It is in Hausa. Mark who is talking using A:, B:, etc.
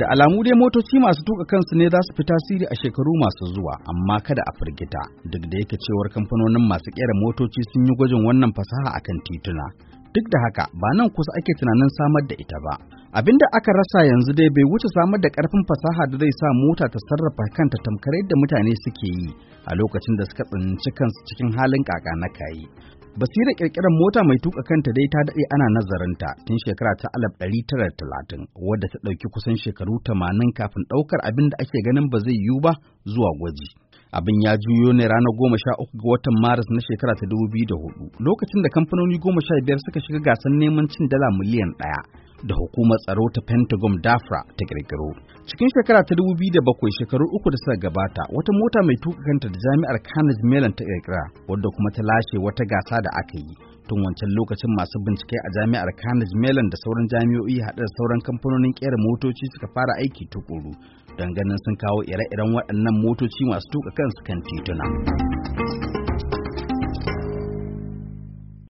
A: Da alamu dai motoci masu tuka kansu ne za su fi tasiri a shekaru masu zuwa, amma kada a firgita, duk da yake cewar kamfanonin masu kera motoci sun yi gwajin wannan fasaha a kan tituna. Duk da haka, ba nan kusa ake tunanin samar da ita ba. Abin da aka rasa yanzu dai bai wuce samar da ƙarfin fasaha da zai sa mota ta sarrafa kanta tamkar yadda mutane suke yi a lokacin da suka tsinci kansu cikin halin kaka na kayi. basira kirkirar mota mai tuka kanta dai ta daɗe ana nazarin ta tun shekara ta alaf ɗari tara talatin wadda ta ɗauki kusan shekaru tamanin kafin ɗaukar abin da ake ganin ba zai yiwu ba zuwa gwaji abin ya juyo ne ranar goma sha uku ga watan maris na shekara ta dubu biyu da hudu lokacin da kamfanoni goma sha biyar suka shiga gasar neman cin dala miliyan ɗaya da hukumar tsaro ta Pentagon DAFRA ta kirkiro. Cikin shekara ta bakwai shekaru uku da suka gabata wata mota mai tuka kanta da jami'ar Carnegie Mellon ta kirkira wadda kuma ta lashe wata gasa da aka yi. Tun wancan lokacin masu bincike a jami'ar Carnegie Mellon da sauran jami'o'i haɗe da sauran kamfanonin ƙera motoci suka fara aiki tukuru don ganin sun kawo ire-iren waɗannan motoci masu tuka kansu kan tituna.